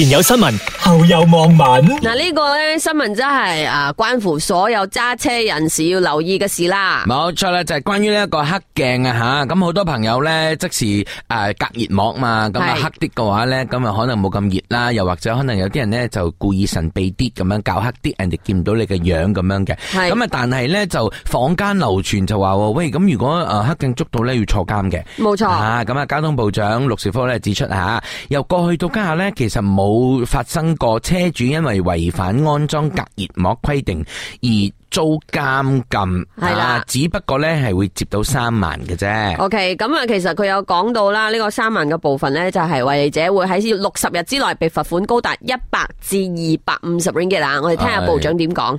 前有新聞，後有網民。嗱，呢個咧新聞真係啊，關乎所有揸車人士要留意嘅事啦。冇錯啦，就係關於呢一個黑鏡啊吓。咁好多朋友咧，即時誒隔熱膜嘛，咁啊黑啲嘅話咧，咁啊可能冇咁熱啦。又或者可能有啲人咧就故意神秘啲咁樣搞黑啲，人哋見唔到你嘅樣咁樣嘅。係咁啊，但係咧就坊間流傳就話，喂，咁如果誒黑鏡捉到咧要坐監嘅。冇錯啊。咁啊，交通部長陸兆福咧指出吓，由過去到家下咧，其實冇。冇發生過車主因為違反安裝隔熱膜規定而遭監禁，係啦，只不過咧係會接到三萬嘅啫。OK，咁啊，其實佢有講到啦，呢個三萬嘅部分咧就係違者會喺六十日之內被罰款高達一百至二百五十 ringgit 嘅啦。我哋聽下部長點講。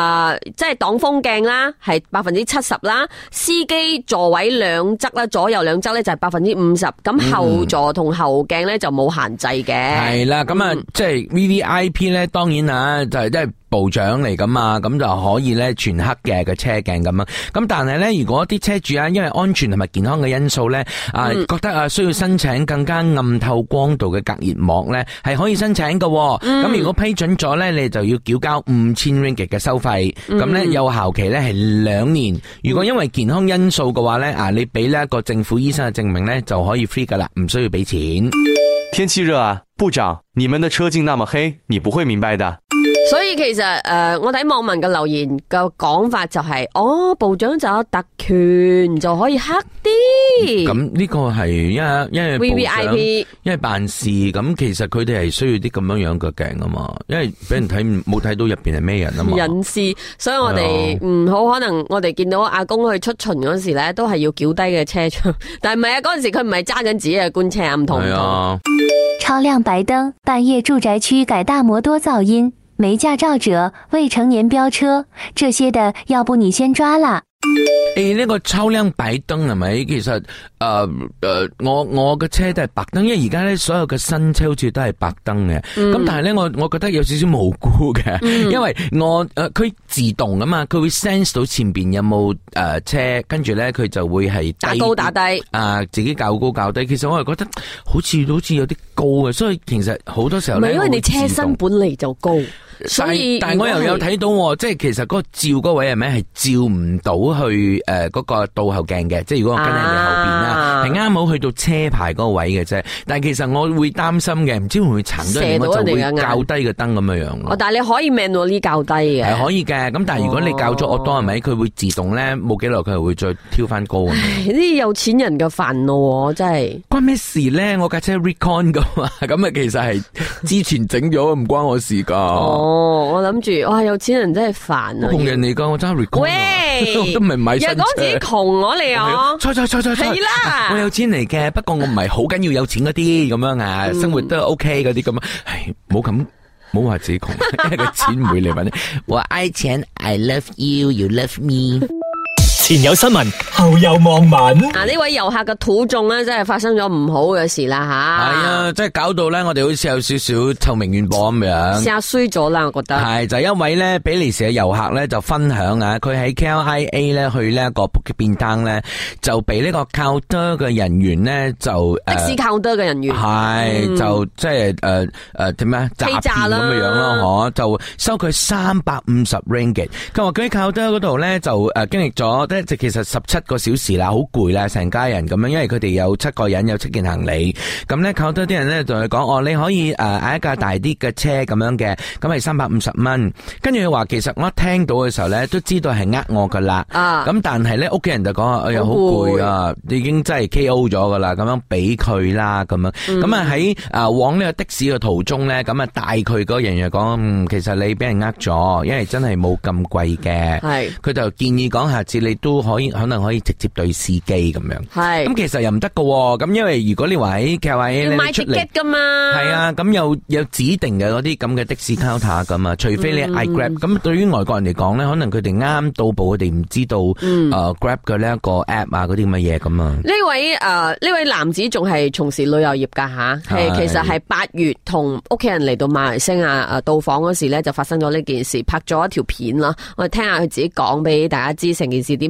誒、啊，即係擋風鏡啦，係百分之七十啦。司機座位兩側啦，左右兩側咧就係百分之五十。咁後座同後鏡咧就冇限制嘅。係啦、嗯，咁啊、嗯，即係 VVIP 咧，當然啊，就係即係。部長嚟噶嘛，咁就可以咧全黑嘅個車鏡咁樣。咁但係咧，如果啲車主啊，因為安全同埋健康嘅因素咧，嗯、啊覺得啊需要申請更加暗透光度嘅隔熱膜咧，係可以申請嘅。咁、嗯、如果批准咗咧，你就要繳交五千 ringgit 嘅收費。咁咧、嗯、有效期咧係兩年。如果因為健康因素嘅話咧，啊、嗯、你俾呢一個政府醫生嘅證明咧，就可以 free 噶啦，唔需要俾錢。天氣熱啊，部長，你們的車鏡那麼黑，你不會明白的。所以其實誒，我睇網民嘅留言嘅講法就係、是，哦，部長就有特權就可以黑啲。咁呢個係因為因為部長 VVIP 因為辦事，咁其實佢哋係需要啲咁樣樣嘅鏡啊嘛，因為俾人睇冇睇到入邊係咩人啊嘛。隱私，所以我哋唔好可能我哋見到阿公去出巡嗰時咧，都係要攣低嘅車窗。但係唔係啊，嗰陣時佢唔係揸緊自己嘅官車，唔同唔同。是的 超亮白燈，半夜住宅區改大摩多噪音。沒駕照者、未成年飆車，這些的要不你先抓了。誒，呢、欸這個抽梁擺燈係咪？其實誒誒、呃呃，我我嘅車都係白燈，因為而家咧所有嘅新車好似都係白燈嘅。咁、嗯、但係咧，我我覺得有少少無辜嘅，因為我誒佢、呃、自動啊嘛，佢會 sense 到前邊有冇誒、呃、車，跟住咧佢就會係打高打低啊、呃，自己校高校低。其實我係覺得好似好似有啲高嘅，所以其實好多時候唔係因為你車身本嚟就高，所以但係我又有睇到，即係其實嗰個照嗰位係咩？係照唔到？去誒嗰個倒後鏡嘅，即係如果我跟喺你後後邊啦，係啱好去到車牌嗰個位嘅啫。但其實我會擔心嘅，唔知會唔會塵咗咁就會校低個燈咁樣樣。但你可以 manage 呢校低嘅係可以嘅。咁但如果你校咗我當係咪？佢會自動咧冇幾耐佢會再挑翻高。啲有錢人嘅煩惱真係關咩事咧？我架車 recon 噶嘛，咁啊其實係之前整咗唔關我事㗎。哦，我諗住哇有錢人真係煩啊！我同人哋講我揸 recon 喂。唔係唔係，日講自己窮、啊你啊、我嚟哦！錯錯錯錯，係啦的、啊，我有錢嚟嘅，不過我唔係好緊要有錢嗰啲咁樣啊，嗯、生活都 OK 嗰啲咁啊，唉，冇咁，冇話自己窮， 因為個錢唔會嚟揾。 我愛錢，I love you，you you love me。前有新聞，後有網民。嗱，呢位遊客嘅土著咧，真係發生咗唔好嘅事啦，吓！係啊，即係搞到咧，我哋好似有少少臭名遠播咁樣。試下衰咗啦，我覺得。係就係因為咧，比利時嘅遊客咧，就分享啊，佢喺 KLIA 咧去咧一個 bookie 便當咧，就被呢個 counter 嘅人員咧就誒，counter 嘅人員係就即係誒誒點樣？欺詐咁嘅樣咯，嗬？就收佢三百五十 ringgit。佢話佢喺 counter 嗰度咧就誒經歷咗。就其實十七個小時啦，好攰啦，成家人咁樣，因為佢哋有七個人，有七件行李，咁咧靠多啲人咧同佢講，哦，你可以誒，嗌一架大啲嘅車咁樣嘅，咁係三百五十蚊。跟住佢話，其實我一聽到嘅時候咧，都知道係呃我噶啦。啊，咁但係咧，屋企人就講，我又好攰啊，已經真係 K.O. 咗噶啦，咁樣俾佢啦，咁樣。咁啊喺誒往呢個的士嘅途中咧，咁啊帶佢嗰人就講，嗯，其實你俾人呃咗，因為真係冇咁貴嘅。係，佢就建議講下次你都。都可以，可能可以直接對司機咁樣。係。咁其實又唔得嘅喎，咁因為如果你話喺，佢話你出嚟。要買 ticket 㗎嘛。係啊，咁有有指定嘅嗰啲咁嘅的士 counter 咁啊，除非你 iGrab。咁對於外國人嚟講咧，可能佢哋啱啱到埗，佢哋唔知道誒 Grab 嘅呢一個 app 啊，嗰啲咁嘅嘢咁啊。呢位誒呢位男子仲係從事旅遊業㗎嚇，係其實係八月同屋企人嚟到馬來西亞誒到訪嗰時咧就發生咗呢件事，拍咗一條片啦。我哋聽下佢自己講俾大家知成件事點。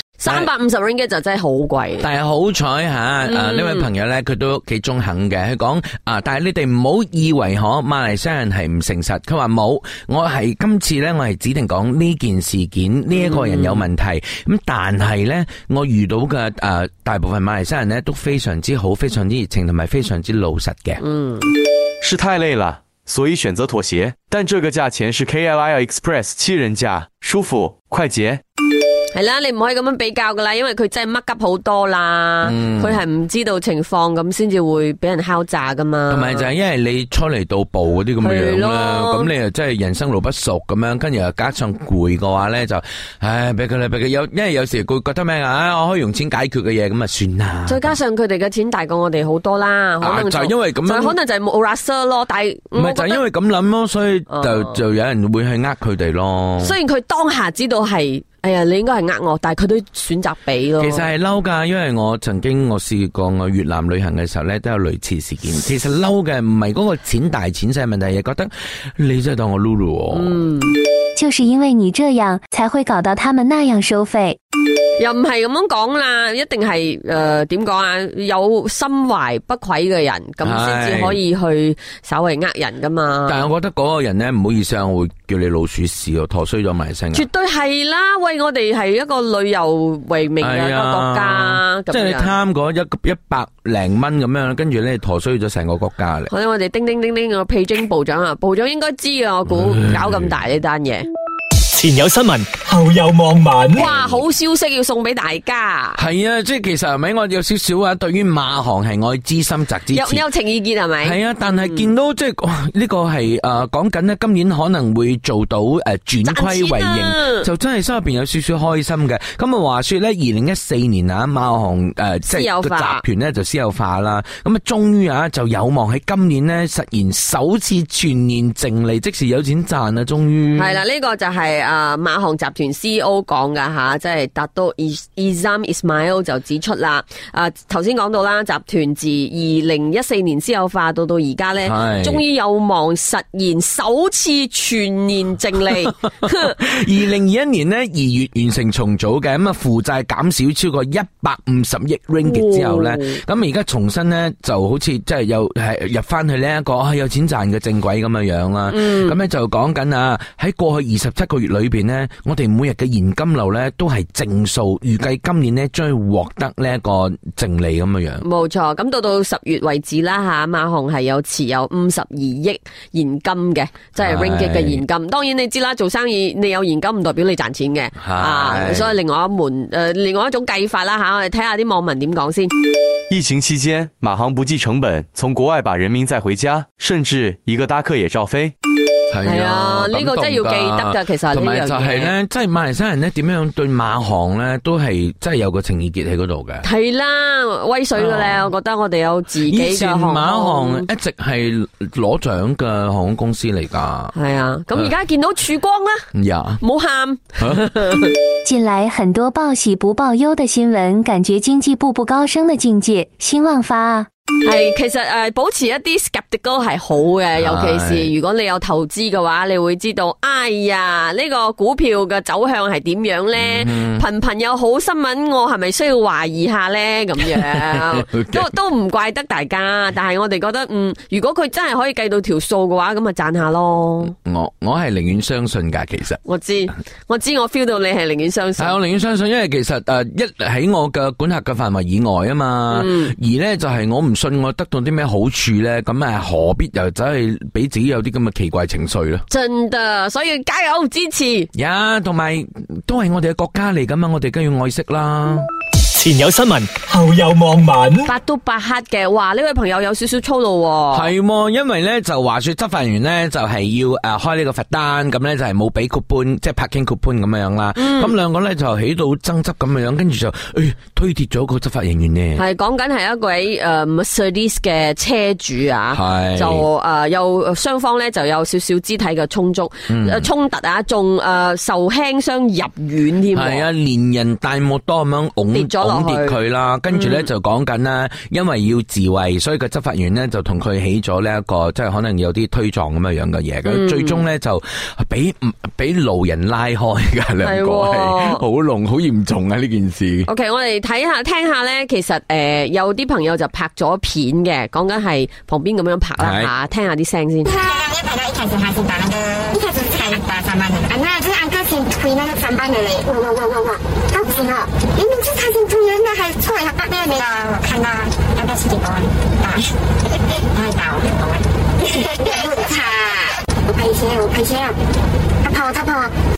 三百五十 ringgit 就真係好貴，但係好彩吓，誒呢、啊、位朋友呢，佢都幾中肯嘅，佢講啊，但係你哋唔好以為可馬來西亞人係唔誠實，佢話冇，我係今次呢，我係指定講呢件事件呢一、這個人有問題，咁、嗯、但係呢，我遇到嘅誒、啊、大部分馬來西亞人呢都非常之好，非常之熱情同埋非常之老實嘅。嗯，是太累啦，所以選擇妥協，但這個價錢是 K L I Express 七人價，舒服快捷。係啦，你唔可以咁樣比較噶啦，因為佢真係乜急好多啦，佢係唔知道情況咁先至會俾人敲詐噶嘛。同埋就係因為你初嚟到步嗰啲咁嘅樣啦，咁你又真係人生路不熟咁樣，跟住又加上攰嘅話咧，就唉，俾佢啦俾佢。有因為有時佢覺得咩啊，我可以用錢解決嘅嘢，咁啊算啦。再加上佢哋嘅錢大過我哋好多啦，就因為咁樣，可能就冇 research 咯。但唔係就因為咁諗咯，所以就就有人會去呃佢哋咯。雖然佢當下知道係。哎呀，你應該係呃我，但係佢都選擇俾咯。其實係嬲噶，因為我曾經我試過我越南旅行嘅時候咧，都有類似事件。其實嬲嘅唔係嗰個錢大錢細問題，係覺得你真係當我老笠。嗯就是因為你這樣，才會搞到他們那樣收費。又唔係咁樣講啦，一定係誒點講啊？有心懷不軌嘅人，咁先至可以去稍微呃人噶嘛。但係我覺得嗰個人咧唔好意思，我會叫你老鼠屎咯，陀衰咗埋聲。絕對係啦，喂，我哋係一個旅遊為名嘅一個國家，呀樣即係你貪嗰一一百零蚊咁樣，跟住咧陀衰咗成個國家嚟。我哋叮叮叮叮個屁精部長啊，部長應該知啊，我估搞咁大呢單嘢。前有新聞，後有網民。哇，好消息要送俾大家。係啊，即係其實係咪我有少少啊？對於馬航係愛之深責之切，有有情意見係咪？係啊，但係見到即係呢、這個係誒講緊呢今年可能會做到誒轉虧為盈、啊、就真係心入邊有少少開心嘅。咁啊，話說呢二零一四年啊，馬航誒、呃、即係個集團咧就私有化啦。咁啊，終於啊就有望喺今年呢實現首次全年淨利，即時有錢賺啊終於係啦，呢、這個就係、是、啊。啊！馬航集團 CEO 講噶吓，即係達都 Izham Ismail 就指出啦。啊，頭先講到啦，集團自二零一四年私有化到到而家咧，終於是有望實現首次全年淨利。二零二一年咧，二月完成重組嘅，咁啊負債減少超過一百五十億 ringgit 之後咧，咁而家重新咧就好似即係又係入翻去呢一個有錢賺嘅正軌咁嘅樣啦。咁咧、嗯、就講緊啊，喺過去二十七個月裏。裏邊呢，我哋每日嘅現金流呢都係正數，預計今年呢將會獲得呢一個淨利咁嘅樣。冇錯，咁到到十月為止啦吓，馬航係有持有五十二億現金嘅，即係 Ringgit 嘅現金。當然你知啦，做生意你有現金唔代表你賺錢嘅是啊，所以另外一門誒、呃，另外一種計法啦吓，啊，我哋睇下啲網民點講先。疫情期間，馬航不計成本從國外把人民帶回家，甚至一個搭客也照飛。係啊，呢個真係要記得噶，其實同埋就係、是、咧，即係是馬來西亞人咧，點樣對馬航咧，都係真係有個情意結喺嗰度嘅。係啦、啊，威水嘅咧，啊、我覺得我哋有自己嘅航空。以前馬航一直係攞獎嘅航空公司嚟噶。係啊，咁而家見到曙、啊、光啦。唔呀，冇喊。近來很多報喜不報憂的新聞，感覺經濟步步高升的境界，興旺發啊！係，其實誒、呃，保持一啲 skeptical 係好嘅，尤其是如果你有投資嘅話，是你會知道，哎呀，呢、這個股票嘅走向係點樣咧？頻頻、嗯、哼有好新聞，我係咪需要懷疑下咧？咁樣 Okay 都都唔怪得大家，但係我哋覺得，嗯，如果佢真係可以計到條數嘅話，咁咪賺下咯。我我係寧願相信噶，其實我知我知，我 feel 到你係寧願相信。係 我寧願相信，因為其實誒、呃，一喺我嘅管轄嘅範圍以外啊嘛，嗯、而咧就係、是、我唔信。我得到啲咩好處咧？咁啊，何必又走去俾自己有啲咁嘅奇怪情緒咯？真㗎，所以加油支持呀！同埋、yeah, 都係我哋嘅國家嚟噶嘛，我哋梗要愛惜啦。前有新聞，後有網民，八到八黑嘅話呢位朋友有少少粗魯，係，因為咧就話說執法人員咧就係要誒開呢個罰單，咁咧就係冇俾 coupon，即係 parking coupon 咁樣啦，咁兩個咧就起到爭執咁樣，跟住就誒推跌咗個執法人員咧，係講緊係一位誒 Mercedes 嘅車主啊，就誒有雙方咧就有少少肢體嘅衝突，誒衝突啊，仲誒受輕傷入院添，係啊連人帶木多咁樣，跌咗。講跌佢啦，跟住咧就講緊啦。因為要自衛，所以個執法員呢就同佢起咗呢一個，即係可能有啲推撞咁樣樣嘅嘢。咁、嗯、最終呢就俾俾路人拉開噶，兩個係好濃好嚴重啊呢件事。嗯、OK，我哋睇下聽下呢。其實誒有啲朋友就拍咗片嘅，講緊係旁邊咁樣拍啦吓，聽下啲聲先。啊三班的、嗯，安、啊、娜是安哥先推那個三班的嘞，哇哇哇哇哇，好、哦、慘、哦哦哦、了。明明是他先推人的，還是錯？還八班的啊，我看到，安哥是第一個，打死，他倒了，我踩，快些，快些，他跑，他跑、啊。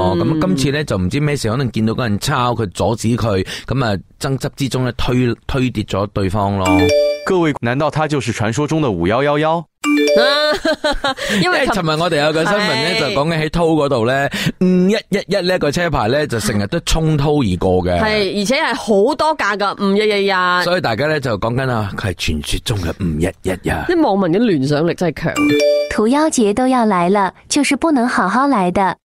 咁、哦、今次咧就唔知咩事，可能見到嗰人抄佢阻止佢，咁啊爭執之中咧推推跌咗對方咯。各位，難道他就是傳說中的五幺幺幺？因為尋日、欸、我哋有個新聞咧，是就講緊喺偷嗰度咧，五一一一呢個車牌咧就成日都衝偷而過嘅。係，而且係好多架噶，五一一一。所以大家咧就講緊啊，佢係傳說中嘅五一一一。啲網民嘅聯想力真係強。屠妖節都要來了，就是不能好好來的。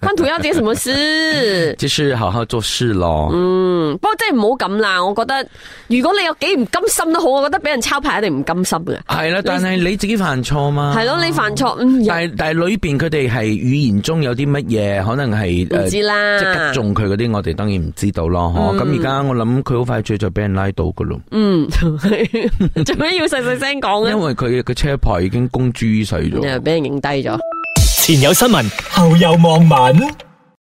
關屠妖節什麼事？就是好好做事咯。嗯，不過真係唔好咁啦。我覺得如果你有幾唔甘心都好，我覺得俾人抄牌一定唔甘心嘅。係啦，但係你自己犯錯嘛。係咯，你犯錯、嗯。但係但係裏邊佢哋係語言中有啲乜嘢，可能係誒，呃、知啦即係擊中佢嗰啲，我哋當然唔知道咯。咁而家我諗佢好快脆就俾人拉到噶咯。嗯，做 咩要細細聲講啊？ 因為佢嘅車牌已經公。輸晒咗，輸你又俾人影低咗。前有新聞，後有網民。